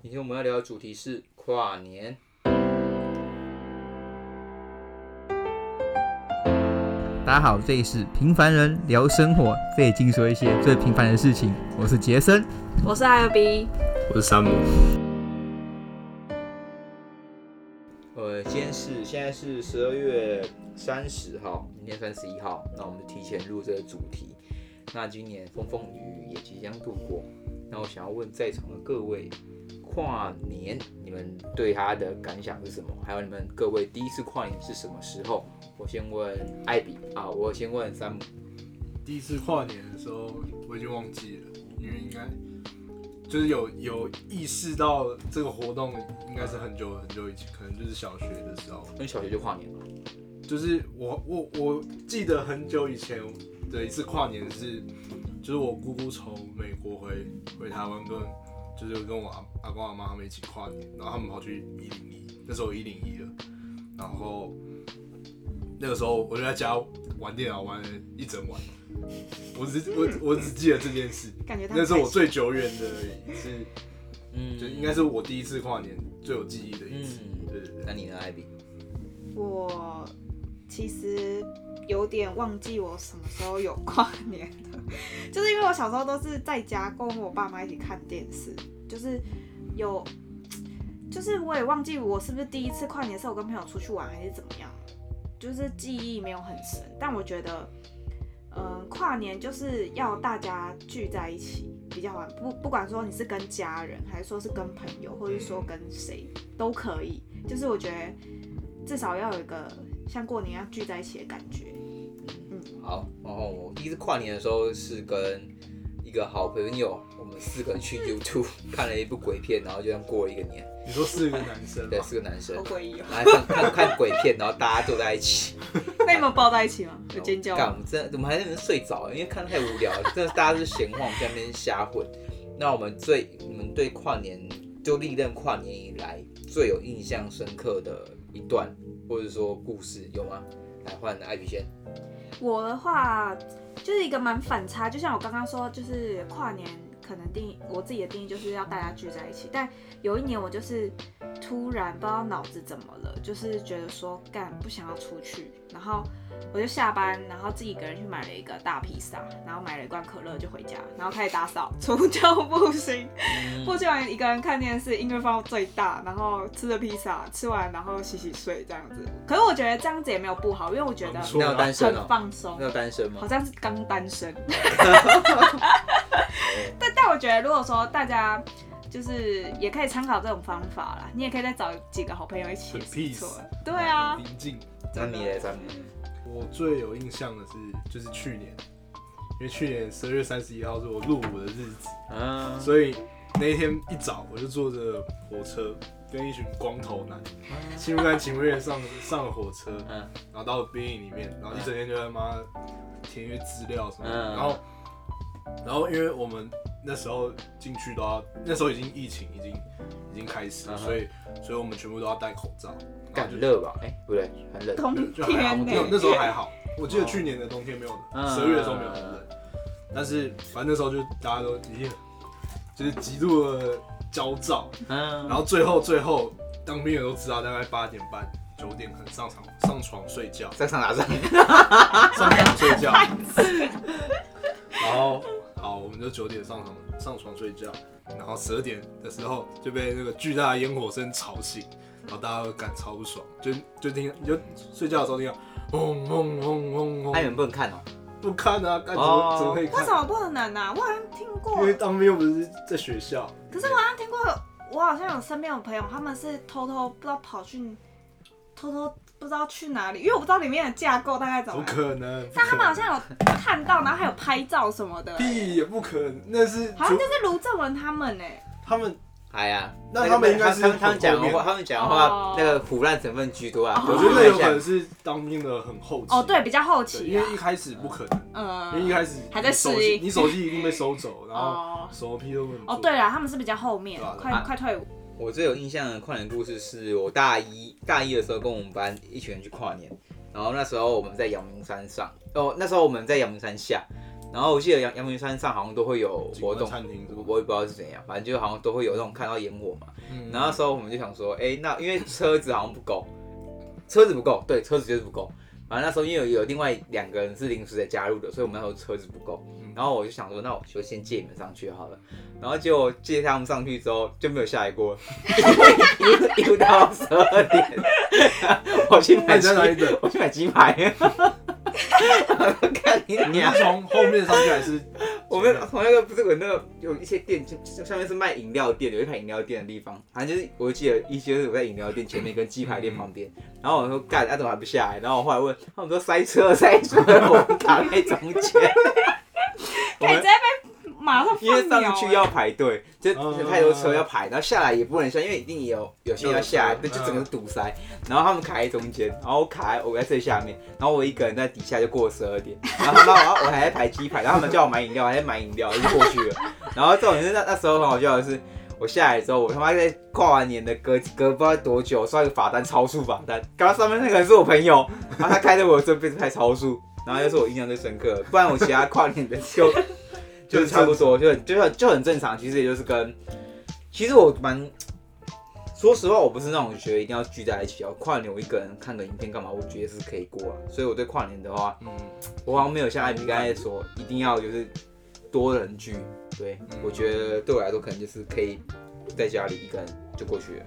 今天我們要聊的主題是跨年。大家好，這裡是平凡人聊生活，這裡盡說一些最平凡的事情。我是杰森，我是阿 B，我是 Sam。呃，今天是現在是十二月三十號，明天三十一號。那我們就提前錄這個主題。那今年風風雨雨也即將度過。那我想要問在場的各位。跨年，你們對他的感想是什麼？還有你們各位第一次跨年是什麼時候？我先問艾比啊，我先問山姆。第一次跨年的時候，我已經忘記了，因為應該就是有有意識到這個活動，應該是很久很久以前，可能就是小學的時候。那小學就跨年了？就是我我我記得很久以前的一次跨年是，就是我姑姑從美國回回台灣跟。就是跟我阿阿公阿媽他們一起跨年，然後他們跑去一零一，那時候一零一了，然後那個時候我就在家玩電腦玩了一整晚，我只我我只記得這件事，嗯、那是我最久遠的一次，嗯，就應該是我第一次跨年最有記憶的一次，嗯、對,對,對，那你呢艾比，Abby? 我其實。有點忘記我什麼時候有跨年了， 就是因為我小時候都是在家跟我爸媽一起看電視，就是有，就是我也忘記我是不是第一次跨年是我跟朋友出去玩還是怎麼樣，就是記憶沒有很深。但我覺得，嗯，跨年就是要大家聚在一起比較好玩，不不管說你是跟家人，還是說是跟朋友，或者說跟誰都可以，就是我覺得至少要有一個像過年一樣聚在一起的感覺。嗯，好。然後我第一次跨年的時候是跟一個好朋友，我們四個去 YouTube 看了一部鬼片，然後就這樣過了一個年。你說四個男生？對，四個男生。好詭異。看看，看鬼片，然後大家坐在一起。 那你們抱在一起嗎？有尖叫？我們這，我們還在那邊睡着，因為看太無聊了，真的大家是閒晃我們在那邊瞎混。那我們最，你們對跨年就歷任跨年以來最有印象深刻的一段或者說故事有嗎？來換艾皮先。我的話就是一個蠻反差，就像我剛剛說，就是跨年。可能定義，我自己的定義就是要大家聚在一起，但有一年我就是突然不知道腦子怎麼了，就是覺得說幹不想要出去，然後我就下班，然後自己一個人去買了一個大披薩，然後買了一罐可樂就回家，然後開始打掃，除掉不行，過、嗯、去完一個人看電視，音樂放到最大，然後吃着披薩，吃完然後洗洗睡這樣子。可是我覺得這樣子也沒有不好，因為我覺得很放鬆。沒有，、哦、有單身嗎？好像是剛單身。 但我覺得如果說大家就是也可以參考這種方法啦，你也可以再找幾個好朋友一起。Peace, 對啊。靜，我最有印象的是，就是去年，因為去年十二月三十一號是我入伍的日子，嗯、所以那一天一早我就坐着火車，跟一群光頭男，心、嗯、不甘情不願上 上了火車，嗯，然後到了兵營裡面，然後一整天就在那填約資料什麼的嗯嗯，然後。然後因為我們那時候進去都要，那時候已經疫情已經已經開始了，uh -huh. 所以所以我們全部都要戴口罩。感覺熱吧？哎、欸，不對，很冷。冬天、欸。沒有，那時候還好。我記得去年的冬天沒有冷，oh. 十二月的時候沒有很冷。Uh -huh. 但是反正那時候就大家都，已經就是極度的焦躁。嗯、uh -huh.。然後最後最後當兵的都知道，大概八點半九點可能上床上床睡覺，在上哪上？上床睡覺。 睡覺 然後。好，我們就九點上床上床睡覺，然後十二點的時候就被那個巨大的煙火聲吵醒，然後大家都感超不爽，就就聽你就睡覺的時候聽到，轟轟轟轟轟。哎、啊，能不能看哦？不看啊，怎麼怎麼可以看？為什麼不能、啊，我好像聽過。因為當兵又不是在學校。可是我好像聽過，我好像有身邊有朋友，他們是偷偷不知道跑去偷偷。不知道去哪裡，因為我不知道裡面的架構大概怎麼。不可能。但他們好像有看到，然後還有拍照什麼的、欸。屁，也不可能，那是。好像就是盧正文他們呢、欸。他們哎呀，那他們應該是他們講的話，他們講的話,、哦、的話那個唬爛成分居多啊。我覺得有可能是當兵的很後期。哦，對，比較後期、啊。因為一開始不可能。嗯。因為一開始手還在試，你手機一定被收走，嗯、然後什麼屁都沒。哦，對了，他們是比較後面，啊啊、快快退伍。我最有印象的跨年故事是我大一大一的時候，跟我們班一群人去跨年，然後那時候我們在陽明山上哦，那時候我們在陽明山下，然後我記得陽陽明山上好像都會有活動，我也不知道是怎樣，反正就好像都會有那種看到煙火嘛嗯、嗯，然後那時候我們就想說，哎、欸，那因為車子好像不夠，車子不夠，對，車子就是不夠，反正那時候因為有，有另外兩個人是臨時的加入的，所以我們那時候車子不夠。然後我就想說，那我就先借你們上去好了。然後結果借他們上去之後，就沒有下來過，又 又到十二點 我去買，我去買雞排。我去買雞排。你，你是從後面上去還是？ 我們從那個不是有那個有一些店，就上面是賣飲料店，有一排飲料店的地方。反、啊、正就是，我記得一些是我在飲料店前面跟雞排店旁邊。 然後我說幹，他、啊、怎麼還不下來？然後我後來問他們說塞車，塞車， 我們卡在中間。 直接被馬上，因為上去要排隊，就太多車要排，然後下來也不能下，因為一定有有些要下來，那就整個堵塞。然後他們卡在中間，然後我卡在我在最下面，然後我一個人在底下就過了十二點。然後他們，我我還在排雞排，然後他們叫我買飲料，我還在買飲料就是過去了。然後這種就是那那時候很好笑的是，我下來之後我他媽在跨完年的隔隔不知道多久，刷一個罰單，超速罰單。剛剛，上面那個人是我朋友，然後他開在我這邊開超速。然後又是我印象最深刻，不然我其他跨年的就 就是差不多，就很就很就很正常。其實也就是跟，其實我蠻說實話，我不是那種覺得一定要聚在一起哦。跨年我一個人看個影片干嘛？我覺得是可以過啊。所以我對跨年的話，嗯，我好像沒有像艾米剛才說，一定要就是多人聚。對我覺得對我來說，可能就是可以在家裡一個人就過去了。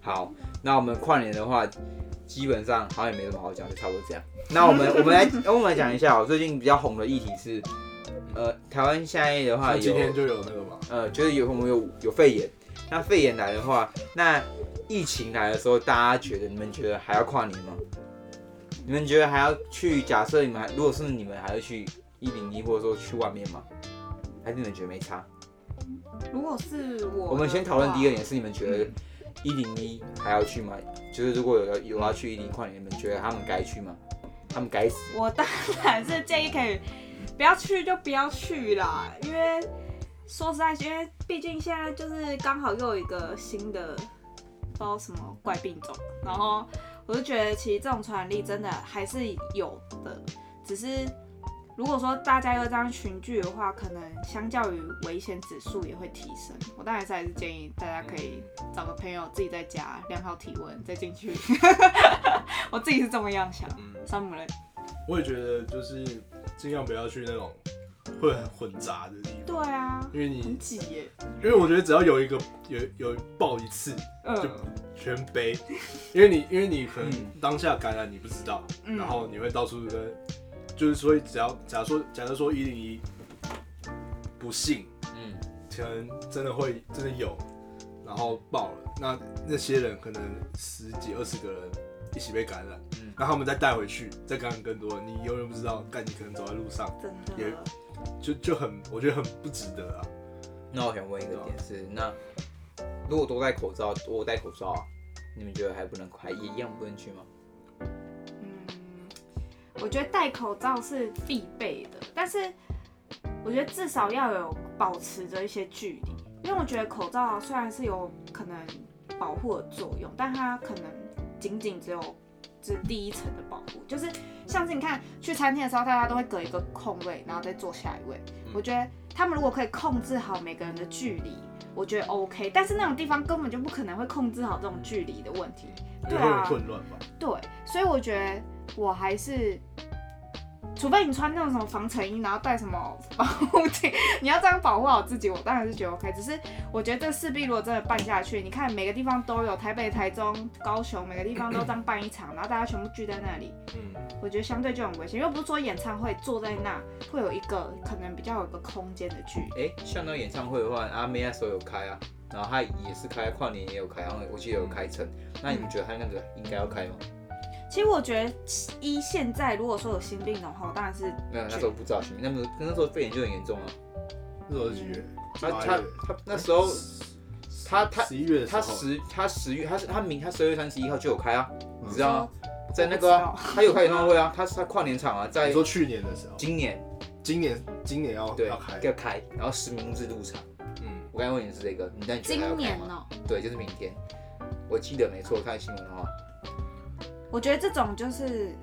好，那我們跨年的話。基本上好像也沒什麼好講，就差不多這樣。那我們我們來我們講一下我、喔、最近比較紅的議題是，呃，台灣現在的話今天就有那個嘛，呃，覺得有我們有有，有肺炎。那肺炎來的話，那疫情來的時候，大家覺得你們覺得還要跨年嗎？你們覺得還要去，假設你們還如果是你們還要去一零一，或者說去外面嗎？還是你們覺得沒差？如果是我，我們先討論第二點是你們覺得。嗯一零一還要去嗎？就是如果有要有要去一零一跨年，你們覺得他們該去嗎？他們該死！我當然是建議可以不要去就不要去啦，因為說實在，因為畢竟現在就是剛好又有一個新的不知道什麼怪病種，然後我就覺得其實這種傳染力真的還是有的，只是。如果說大家要這樣群聚的話，可能相較於危險指數也會提升。我當然是還是建議大家可以找個朋友，自己在家量好體溫再進去。 我自己是這麼樣想。s、嗯、我也覺得就是盡量不要去那種會很混雜的地方。對啊，因為你很擠耶。因為我覺得只要有一個有有爆一次，嗯、就全杯。因為你因為你可能當下感染你不知道，嗯、然後你會到處跟。就是所以，只要假如說，假如說101不幸，嗯，可能真的會真的有，然後爆了，那那些人可能十幾二十個人一起被感染，嗯，然後他們再帶回去，再感染更多，你永遠不知道，但你可能走在路上，真的，也就就很，我覺得很不值得啊。那我想問一個點是，那如果多戴口罩，多戴口罩，你們覺得還不能快，一樣不能去嗎？我覺得戴口罩是必備的，但是我覺得至少要有保持着一些距離，因為我覺得口罩啊，雖然是有可能保護的作用，但它可能僅僅只有這第一層的保護。就是像是你看去餐廳的時候，大家都會隔一個空位，然後再坐下一位。嗯、我覺得他們如果可以控制好每個人的距離，我覺得 OK。但是那種地方根本就不可能會控制好這種距離的問題，很混亂吧？對啊，對，所以我覺得。我還是，除非你穿那種什麼防塵衣，然後戴什麼保護鏡，你要這樣保護好自己，我當然是覺得 OK。只是我覺得這勢必如果真的辦下去， 你看每個地方都有台北、台中、高雄，每個地方都這樣辦一場， 然後大家全部聚在那裡，嗯，我覺得相對就很危險。又不是說演唱會坐在那會有一個可能比較有一個空間的距離。哎、欸，像那演唱會的話，阿妹那時候有開啊，然後他也是開、啊、跨年也有開、啊，然後我記得有開成、嗯。那你們覺得他那個應該要開嗎？其實我覺得，一現在如果說有心病的話，我當然是沒有、嗯。那時候不知道心病，那時那時候肺炎就很嚴重啊。那時候是幾、啊嗯欸、月，月？他他他那時候他他十一月他十他十月他是他明他十二月三十一號就有開啊，嗯、你知道嗎在那個、啊、他有開演唱會啊，他是他跨年場啊，在。你說去年的時候。今年，今年，今年要對要開要開，然後實名制入場。嗯，我剛才問你是這個，你在？今年哦、喔。對，就是明天，我記得沒錯，看新聞的話。我覺得這種就是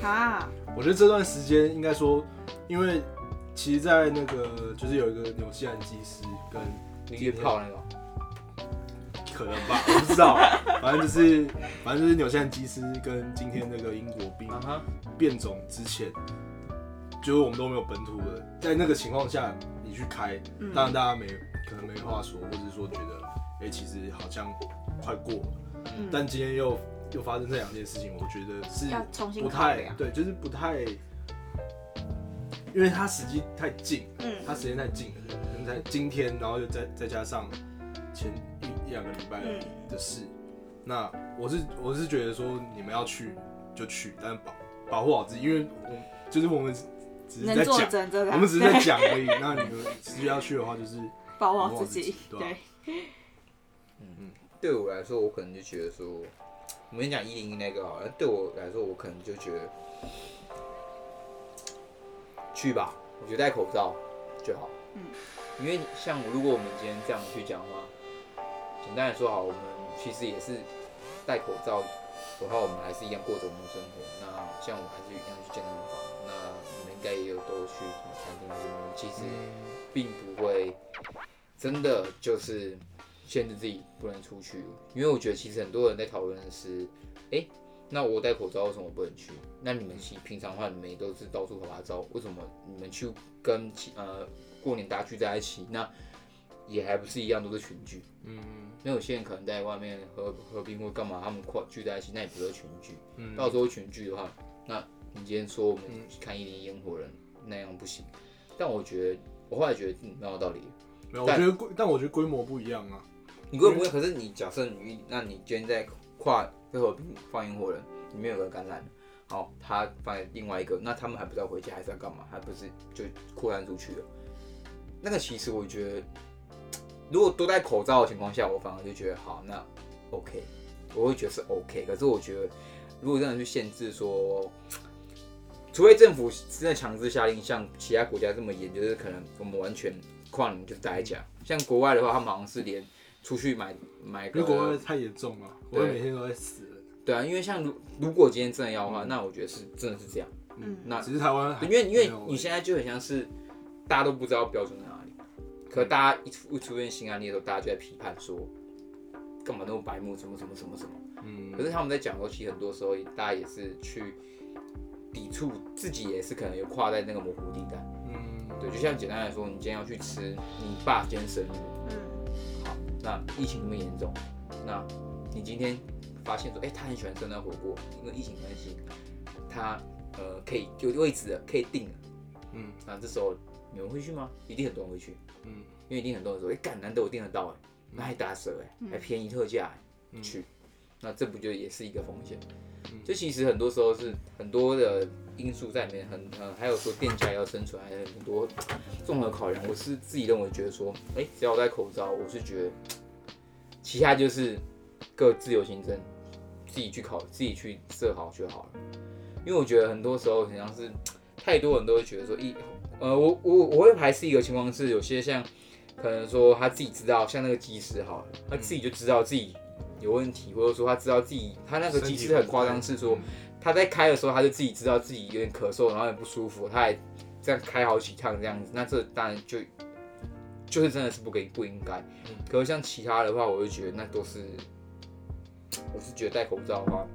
好啊，我覺得這段時間應該說，因為其實，在那個就是有一個紐西蘭機師跟，你也跑那個，可能吧，我不知道， 反正就是反正就是紐西蘭機師跟今天那個英國兵變種之前，就是我們都沒有本土的，在那個情況下，你去開，當然大家沒可能沒話說，或者說覺得，哎、欸，其實好像快過了。嗯、但今天又又發生這兩件事情，我覺得是不太要重新，啊、對，就是不太，因為他時間太近，嗯，他時間太近，可能在今天，然後又再再加上前一兩個禮拜的事，嗯，那我是我是覺得說你們要去就去，但保保護好自己，因為我就是我們只是在講，我們只是在講而已。 那你們實際要去的話，就是保護好自己，對啊，對，嗯。對我來說，我可能就覺得說，我們先講一零一那個好像，對我來說，我可能就覺得去吧，我覺得戴口罩就好。嗯，因為像我如果我們今天這樣去講的話，簡單來說好，我們其實也是戴口罩的話，我，我們還是一樣過着我們的生活。那像我們還是一樣去健身房，那你們應該也有都去什麼餐廳什麼，其實並不會真的就是。限制自己不能出去，因為我覺得其實很多人在討論的是，哎、欸，那我戴口罩為什麼不能去？那你們平平常的話你們都是到處戴口罩，為什麼你們去跟呃過年大家聚在一起，那也還不是一樣都是群聚？嗯，沒、嗯、有些人可能在外面和和朋友幹嘛，他們聚在一起，那也不是群聚。嗯，到時候群聚的話，那你今天說我們看一點煙火人、嗯、那樣不行，但我覺得我後來覺得沒有道理，沒有，我覺得規但我覺得規模不一樣啊。你會不會？可是你假設你、嗯、那，你今天在跨最後放煙火了，裡面有個感染，好，他放在另外一個，那他們還不知道回家還是要幹嘛，還不是就擴散出去了？那個其實我覺得，如果都戴口罩的情況下，我反而就覺得好，那 OK，我會覺得是 OK。可是我覺得，如果真的去限制說，除非政府真的強制下令，像其他國家這麼嚴，就是可能我們完全跨人就大家講、嗯，像國外的話，他們好像是連。出去買買。如果太嚴重了，我也每天都會死了。對啊，因為像如如果今天真的要的話，嗯、那我覺得是真的是這樣。嗯，那其實台灣，因為因為你現在就很像是大家都不知道標準在哪裡，可大家一出現新案例的時候、嗯，大家就在批判說幹嘛那麼白目，什麼什麼什麼什麼。嗯，可是他們在講的時候，其實很多時候大家也是去抵觸，自己也是可能有跨在那個模糊地帶。嗯，對，就像簡單來說，你今天要去吃你爸先生，那疫情那麼嚴重，那你今天發現說，哎、欸，他很喜歡聖誕火鍋，因為疫情關係，他呃可以就位置可以定了，嗯，那這時候你們會去嗎？一定很多人會去，嗯，因為一定很多人說，哎、欸，幹難得我訂得到哎、欸，那還打折哎、欸，還便宜特價、欸嗯，去，那這不就也是一個風險？就其實很多時候是很多的因素在裡面很，很呃，還有說店家要生存，還有很多綜合考量。我是自己認為覺得說，哎、欸，只要我戴口罩，我是覺得，其他就是各自由行者自己去考，自己去設好就好了。因為我覺得很多時候好像是太多人都會覺得說，一、欸、呃，我我我會排斥一個情況是有些像可能說他自己知道，像那個技師好了，他自己就知道自己。嗯有問題，或者說他知道自己，他那個其實很誇張，是說他在開的時候，他就自己知道自己有點咳嗽，然後也不舒服，他還這樣開好幾趟這樣子，那這當然就就是真的是不不應該、嗯。可是像其他的話，我就覺得那都是，我是覺得戴口罩的話，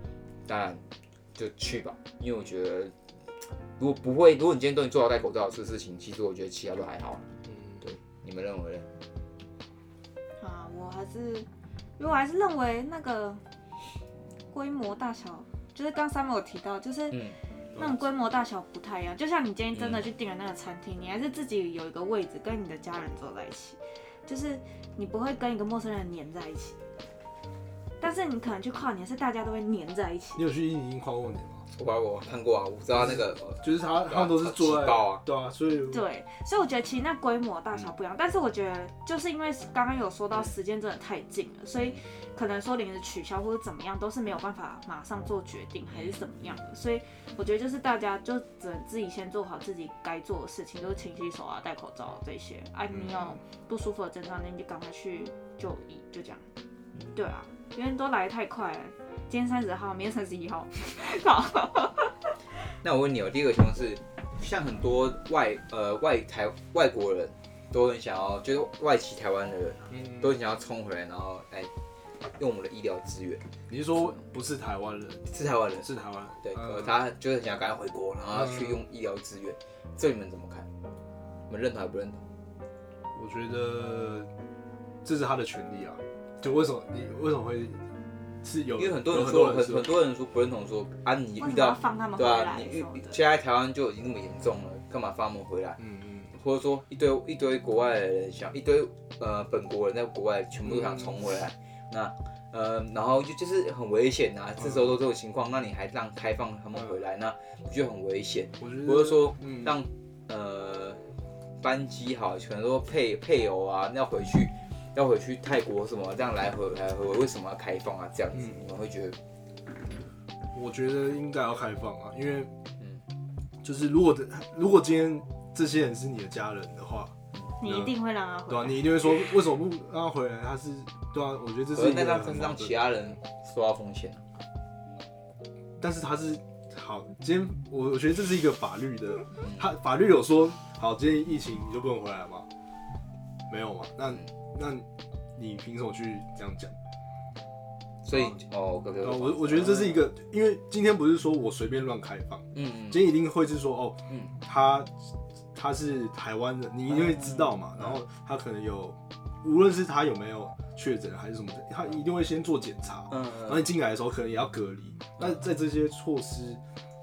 當然就去吧，因為我覺得如果不會，如果你今天都能做好戴口罩這事情，其實我覺得其他都還好。嗯，對，你們認為呢？好、啊，我還是。我還是認為那個規模大小，就是剛 Sam 有提到，就是那種規模大小不太一樣。就像你今天真的去訂了那個餐廳，嗯，你還是自己有一個位置，跟你的家人坐在一起，就是你不會跟一個陌生人黏在一起。但是你可能去跨年，是大家都會黏在一起。你有去印尼跨過年嗎？我把我看過啊，我知道他那個，就是他他們都是做到啊，啊。對啊，所以對，所以我覺得其實那規模大小不一樣、嗯，但是我覺得就是因為剛剛有說到時間真的太近了，所以可能說臨時取消或者怎麼樣都是沒有辦法馬上做決定還是怎麼樣的，所以我覺得就是大家就只能自己先做好自己該做的事情，就是勤洗手啊、戴口罩這些哎、嗯啊，你有不舒服的症狀，你就趕快去就醫，就這樣。對啊，因為都來得太快了、欸。今天三十號，明天三十一號。好。那我問你哦、喔，第二個情況是，像很多外呃外台外國人，都很想要，就是外企台灣的人、嗯，都很想要衝回來，然後來用我們的醫療資源。你是說不是台灣人？是台灣人，是台灣人。對，嗯、他就是想趕快回國，然後去用醫療資源、嗯。這你們怎麼看？你們認同還不認同？我覺得這是他的權利啊。就為什麼你為什麼會？是，因為很多人說很、很多很多人說不認同說，說啊，你遇到對啊，你現在台灣就已經那麼嚴重了，幹嘛放他們回來？嗯嗯。或者說一堆一堆國外的人想，一堆呃本國人在國外全部都想衝回來，嗯、那呃，然後就就是很危險啊、嗯，這時候都這種情況，那你還讓開放他們回來，那、嗯、就很危險。我覺得或者說讓、嗯、呃班機好，全都配配偶啊，要回去。要回去泰國什麼這樣來回來回，為什麼要開放啊？這樣子，嗯、你們會覺得？我覺得應該要開放啊，因為，就是如果的，如果今天這些人是你的家人的話，嗯、你一定會讓他回來，對啊，你一定會說為什麼不讓他回來？他是對啊，我覺得這是。那他真的讓其他人受到風險。但是他是好，今天我我覺得這是一個法律的，他法律有說好，今天疫情你就不能回來嗎？沒有嘛，那、嗯。那你憑什麼去這樣講？所以哦、嗯 oh, okay, okay, okay. 嗯，我我覺得這是一個，因為今天不是說我隨便亂開放，嗯，今天一定會是說哦，他、嗯、他是台灣的，你一定會知道嘛，嗯、然後他可能有，嗯、無論是他有沒有確診還是什麼，他一定會先做檢查，嗯，然後你進來的時候可能也要隔離，那、嗯、在這些措施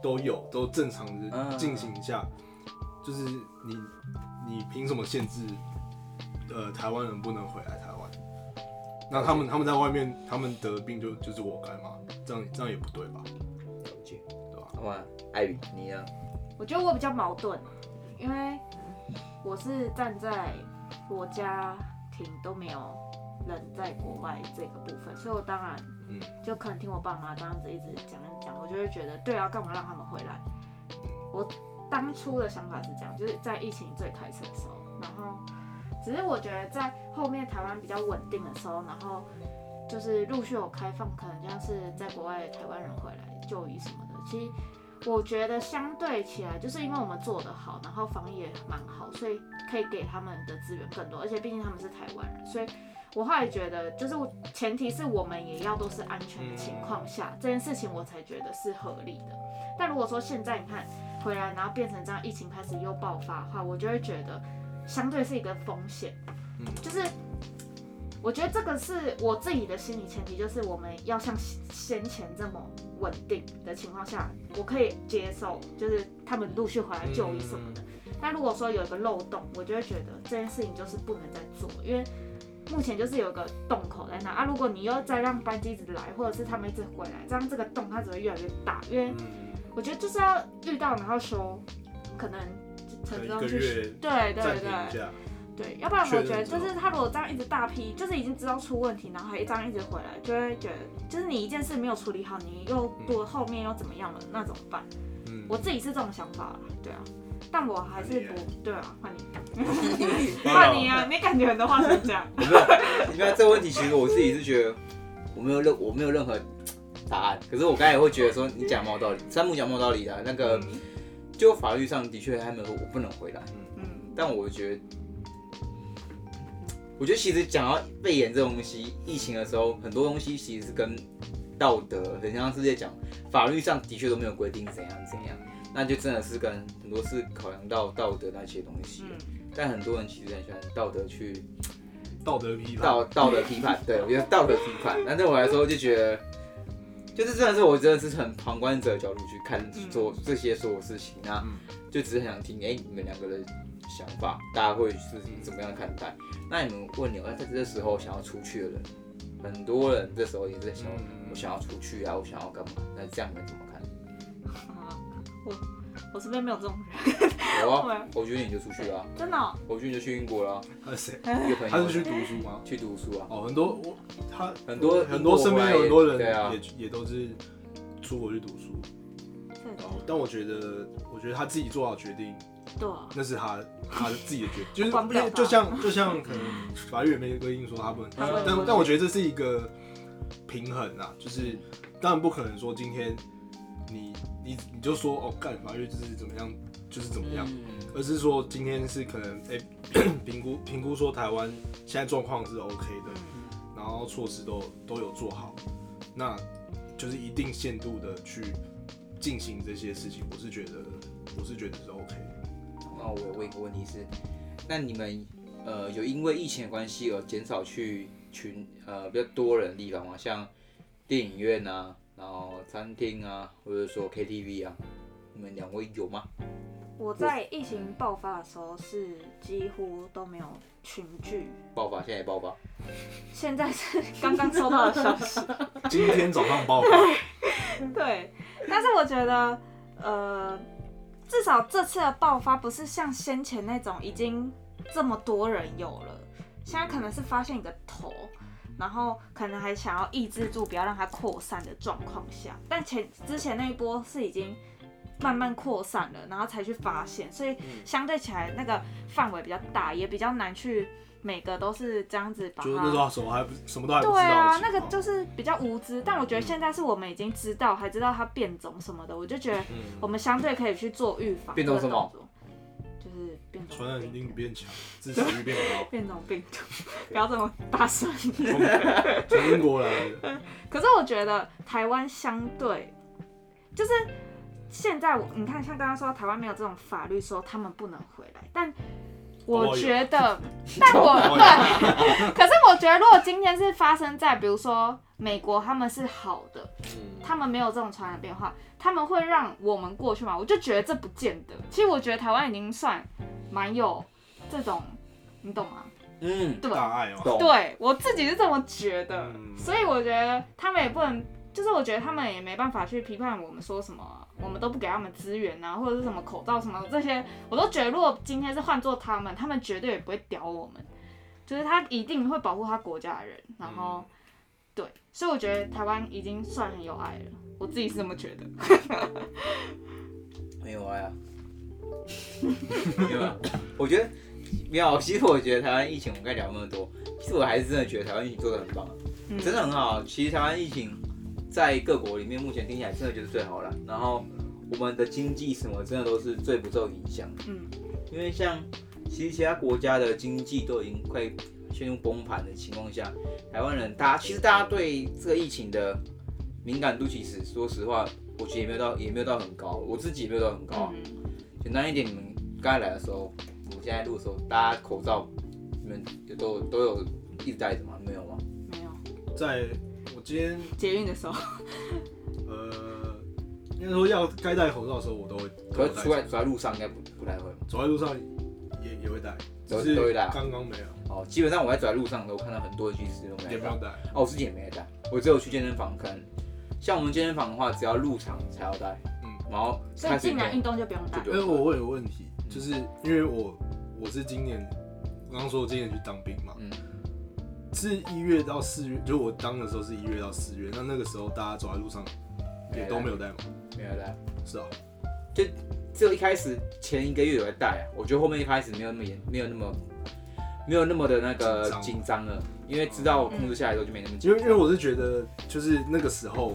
都有都正常的進行一下，嗯、就是你你憑什麼限制？呃，臺灣人不能回來臺灣，那他們他們在外面，他們得病就就是我該嘛？這樣這樣也不對吧？了解，對吧？那麼、啊，艾米，你呢，我覺得我比較矛盾，因為我是站在我家庭都沒有人在國外這個部分，所以我當然嗯，就可能聽我爸媽這樣子一直講講，我就會覺得對啊，幹嘛讓他們回來？我當初的想法是這樣，就是在疫情最開始的時候，然後。只是我覺得在後面台灣比較穩定的時候，然後就是陸續有開放，可能像是在國外台灣人回來就醫什麼的。其實我覺得相對起來，就是因為我們做得好，然後防疫也蠻好，所以可以給他們的資源更多。而且畢竟他們是台灣人，所以我後來覺得，就是前提是我們也要都是安全的情況下，嗯，這件事情我才覺得是合理的。但如果說現在你看回來，然後變成這樣疫情開始又爆發的話，我就會覺得。相對是一個風險，嗯，就是我覺得這個是我自己的心理前提，就是我們要像先前這麼穩定的情況下，我可以接受，就是他們陸續回來就醫什麼的嗯嗯嗯。但如果說有一個漏洞，我就會覺得這件事情就是不能再做，因為目前就是有一個洞口在那啊。如果你又再讓班機一直來，或者是他們一直回來，這樣這個洞它只會越來越大。因為我覺得就是要遇到，然後說可能。從對對對，對，要不然我覺得就是他如果這樣一直大批，就是已經知道出問題，然後還這樣一直回來，就會覺得就是你一件事沒有處理好，你又多後面又怎麼樣了，嗯、那怎麼辦、嗯？我自己是這種想法了，對啊，但我還是不對啊，換你，換、嗯、 你啊，沒、嗯、感覺很多話都是這樣 沒有。 你看沒有，這個、問題其實我自己是覺得我沒有任我沒有任何答案，可是我剛才也會覺得說你講嘛有道理，三木講嘛有道理的、啊、那個。嗯就法律上的確還沒有說我不能回來。但我覺得，我覺得其實講到肺炎這東西，疫情的時候，很多東西其實是跟道德，很像是在講法律上的確都沒有規定怎樣怎樣，那就真的是跟很多是考量到道德那些東西。但很多人其實很喜歡道德去道德批判，道道德批判，對，我覺得道德批判。那對 我來說就覺得。就是，真的是，我真的是從旁觀者的角度去看做這些所有事情，啊嗯，那就只是很想聽，誒、欸，你們兩個的想法，大家會是怎麼樣看待？嗯，那你們問你，在，哎，這時候想要出去的人，很多人這時候也在想，嗯，我想要出去啊，我想要幹嘛？那這樣你們怎麼看？啊我身邊沒有這種人。 有啊，我覺、啊、得你就出去了、啊、真的、喔，我覺得你就去英國了。他是，他是去讀書嗎？去讀書啊。哦，很多我他很多很多身邊有很多人也、啊、也，也都是出國去讀書。對對對哦，但我覺得我覺得他自己做好決定。對、啊。那是他他自己的決定， 就是就像就像可能法律也沒規定說他不能，他不能，但但我覺得這是一個平衡啊，就是、嗯、當然不可能說今天你。你你就說哦，干法律就是怎麼樣，就是怎麼樣。嗯、而是說今天是可能哎，評估評估說台灣現在狀況是 OK 的，然後措施都有都有做好，那就是一定限度的去進行這些事情。我是覺得我是覺得是 OK。那我問一個問題是，那你們呃有因為疫情的關係而減少去群呃比較多人的地方嗎？像電影院啊？然後餐廳啊，或者說 KTV 啊，你們兩位有嗎？我在疫情爆發的時候是幾乎都沒有群聚。嗯、爆發？現在也爆發？現在是剛剛收到的消息。 今天早上爆發。 對，但是我覺得，呃，至少這次的爆發不是像先前那種已經這麼多人有了，現在可能是發現一個頭。然後可能還想要抑制住，不要讓它擴散的狀況下，但前之前那一波是已經慢慢擴散了，然後才去發現，所以相對起來、嗯、那個範圍比較大，也比較難去每個都是這樣子。把它的就那時候什麼都還不知道。對啊，那個就是比較無知。但我覺得現在是我們已經知道，還知道它變種什麼的，我就覺得我們相對可以去做預防動作。變種什麼？傳染能力變強，致死率變高，變種病毒，不要這麼大聲。從英國來的。可是我覺得台灣相對，就是現在，你看，像剛剛說，台灣沒有這種法律說他們不能回來，但。我覺得，oh, yeah. 但我、oh, yeah. 對，oh, yeah. 可是我覺得，如果今天是發生在，比如說美國，他們是好的，他們沒有這種傳染變化，他們會讓我們過去嗎？我就覺得這不見得。其實我覺得台灣已經算蠻有這種，你懂嗎？嗯、mm,，對、uh, yeah. 對，我自己是這麼覺得，所以我覺得他們也不能。就是我覺得他們也沒辦法去批判我們說什麼、啊，我們都不給他們資源吶、啊，或者是什麼口罩什麼這些，我都覺得如果今天是換做他們，他們絕對也不會屌我們，就是他一定會保護他國家的人，然後、嗯、對，所以我覺得台灣已經算很有愛了，我自己是這麼覺得。 沒有愛了啊， 沒有，我覺得沒有，其實我覺得台灣疫情，我們剛才聊那麼多，其實我還是真的覺得台灣疫情做得很棒、嗯，真的很好，其實台灣疫情。在各國裡面，目前聽起來真的就是最好了。然後我們的經濟什麼真的都是最不受影響的。嗯，因為像其實其他國家的經濟都已經快陷入崩盤的情況下，台灣人，大家其實大家對這個疫情的敏感度，其實說實話，我覺得也沒有到也沒有到很高，我自己也沒有到很高啊，嗯嗯。簡單一點，你們剛才來的時候，我們現在錄的時候，大家口罩你們都都有一直戴着嗎？沒有嗎？沒有。在。今天捷運的時候，呃，應該說要該戴口罩的時候，我都會、嗯都會。可是出來走在路上應該不，不太會，走在路上也也會戴，都是剛剛都會戴。剛剛沒有。哦，基本上我在走在路上的都看到很多的技師都沒有戴。哦，我自己也沒戴，我只有去健身房看，可能像我們健身房的話，只要入場才要戴，嗯，然後。所以進來運動就不用戴。因為我會有問題，就是因為我、嗯、我是今年，我剛說我今年去當兵嘛。嗯。是一月到四月，就我當的時候是一月到四月，那那個時候大家走在路上也都沒有戴嘛，沒有戴，是啊、喔。就就一開始前一個月有戴啊，我覺得後面一開始沒有那麼嚴，沒有那麼沒有那麼的那個緊張了，因為知道我控制下來之後就沒那麼緊。因為因為我是覺得，就是那個時候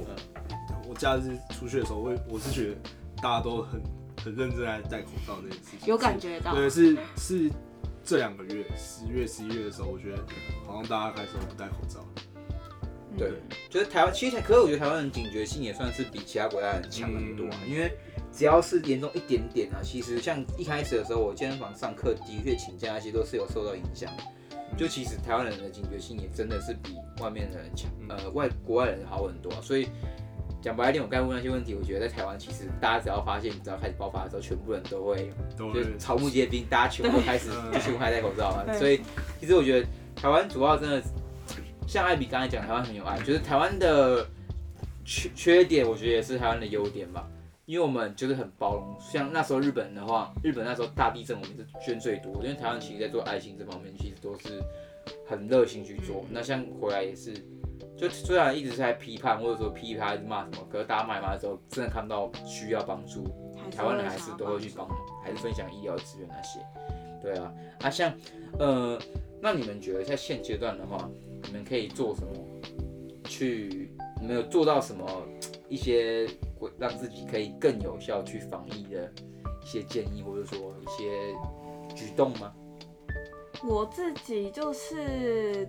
我假日出去的時候，我我是覺得大家都很很認真在戴口罩那一次，有感覺到對，是是。是這兩個月十月十一月的時候，我覺得、嗯、好像大家開始都不戴口罩。嗯、對，就是台灣其實，可是我覺得台灣人警覺性也算是比其他國家人強很多啊。嗯、因為只要是嚴重一點點啊，其實像一開始的時候，我健身房上課的確請假那些都是有受到影響、嗯。就其實台灣人的警覺性也真的是比外面的人強、嗯，呃，外國外人好很多啊，所以。講白一點，我剛問那些問題，我覺得在台灣其實大家只要發現，只要開始爆發的時候，全部人都會，就草木皆兵，大家全部都開始就全部開始戴口罩了。所以其實我覺得台灣主要真的像艾比剛才講，台灣很有愛，就是台灣的缺缺點，我覺得也是台灣的優點吧。因為我們就是很包容，像那時候日本的話，日本那時候大地震，我們是捐最多。因為台灣其實，在做愛心這方面，其實都是很熱心去做、嗯。那像回來也是。就雖然一直是在批判或者說批判還是罵什麼，可是大家買嘛的時候，真的看到需要幫助，幫助台灣人還是都會去幫忙，還是分享醫療資源那些。對啊，啊像呃，那你們覺得在現階段的話，你們可以做什麼？去你們有做到什麼一些，讓自己可以更有效去防疫的一些建議，或者說一些舉動嗎？我自己就是。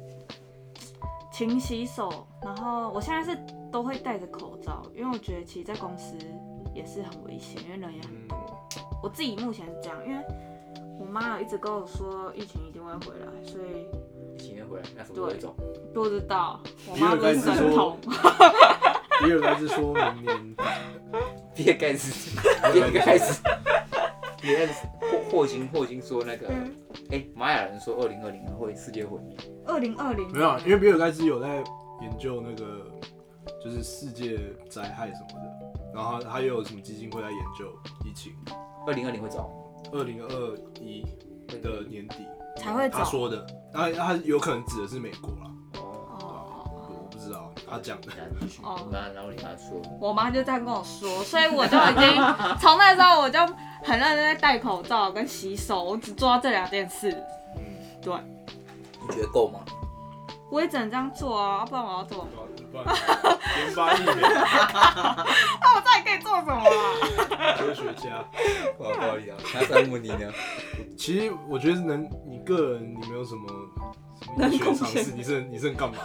勤洗手，然後我現在是都會戴着口罩，因為我覺得其實在公司也是很危險，因為人也很多。我自己目前是這樣，因為我媽一直跟我說疫情一定會回來，所以幾年回來，那什麼時候？對，不知道。比爾蓋茨說，比爾蓋茨說明明，明 年，比爾蓋茨，比爾蓋茨，明年霍霍金霍金說那個，哎、嗯，瑪雅人說二零二零年會世界毀滅。二零二零沒有對對，因為比爾蓋茨有在研究那個，就是世界災害什麼的，然後他，他又有什麼基金會在研究疫情。二零二零會走，二零二一的年底才會走。他說的，他他有可能指的是美國了。哦、嗯哦嗯嗯嗯嗯，我不知道他講的哦，那、嗯、 然後哪裡他說。我媽就這樣跟我說，所以我就已經 從那時候我就很認真在戴口罩跟洗手，我只做到這兩件事。嗯、對。你覺得夠嗎？我也只能這樣做啊，不然我要做什麼？ 不然，哈哈哈。發 那、啊、我到底可以做什麼、啊？哈哈哈哈哈。科學家。不好意思、啊。天發還呢？ 其實我覺得能，你個人你沒有什麼醫學常識，你是你是幹嘛？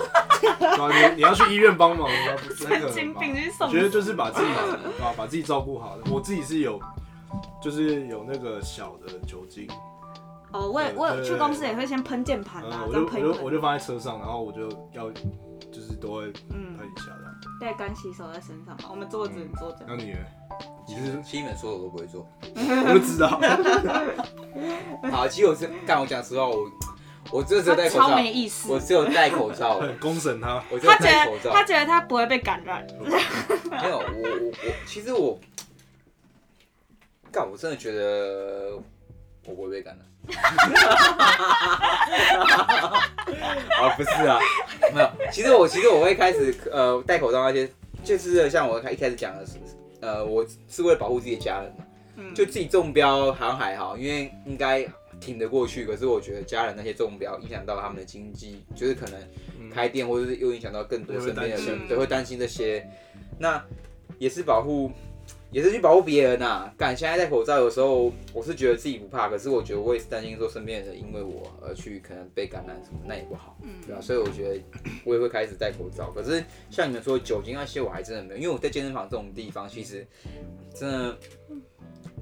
哈 你你要去醫院幫忙，那個我覺得就是把自己 把自己照顧好了。我自己是有，就是有那個小的酒精。哦，我也我去公司也會先噴鍵盤啦，這樣噴一噴。我，我就放在車上，然後我就要就是都會噴一下這樣帶嗯、乾洗手在身上嘛，我們坐著坐著。那你呢？其實基本說的，我都不會做， 我不知道。 好，其實我是幹我講實話，我我只有戴口罩，超沒意思。我只有戴口， 口罩。公審他，他覺得他覺得他不會被感染。嗯、 沒有，我我我其實我幹我真的覺得我不會被感染。啊， 不是啊，沒有。其實我其實我會開始呃戴口罩那些，就是像我開一開始講的是，呃，我是為了保護自己的家人嘛。嗯。就自己中標好像還好，因為應該挺得過去。可是我覺得家人那些中標影響到他們的經濟，就是可能開店或者是又影響到更多身邊的人，會會對會擔心這些。那也是保護。也是去保護別人吶、啊。敢現在戴口罩的時候，我是覺得自己不怕，可是我覺得我也是擔心說身邊的人因為我而去可能被感染什麼，那也不好，對吧、啊？所以我覺得我也會開始戴口罩。 可是像你們說酒精那、啊、些，我還真的沒有，因為我在健身房這種地方，其實真的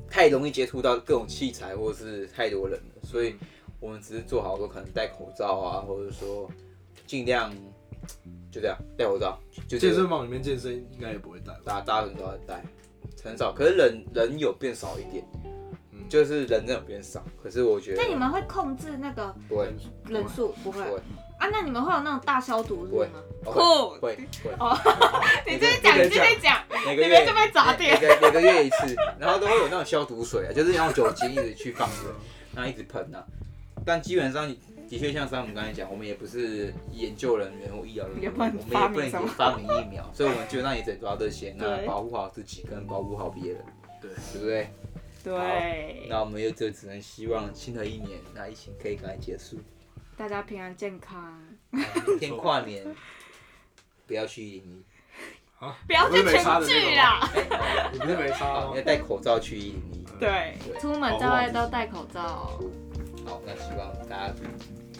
太容易接觸到各種器材或者是太多人了，所以我們只是做好多可能戴口罩啊，或者說盡量就這樣戴口罩。就、這個、健身房裡面健身應該也不會戴吧，大大部分都要戴。很少，可是人人有變少一點，嗯、就是人真有變少。可是我覺得，那你們會控制那個人數不會？啊，那、哦、你， 你，是 你們會有那種大消毒是嗎？會，會，你再講，你再講，你別就被砸掉。每個月一次， 然後都會有那種消毒水啊，就是用酒精一直去放着，然後一直噴啊。但基本上你。的確，像山姆剛才講，我們也不是研究人員或醫療人員，我們也不能給發明疫苗， 所以我們就讓你只抓這些，那保護好自己跟保護好別人，對，對不對？對。那我們又就只能希望新的一年，那疫情可以趕快結束，大家平安健康。嗯、明天跨年，不要去。印 尼、啊，不要去千趣啦。你、 欸、不是沒差嗎？哦啊、要戴口罩去。印尼，對。出門在外都要戴口罩、哦。好，那希望大家。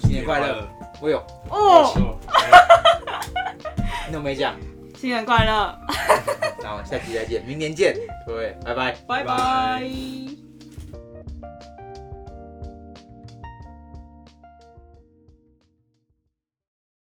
新年快樂！我有哦，你有沒講。新年快樂、哦 那我們下期再見，明年見，各位，拜拜，拜拜。拜拜。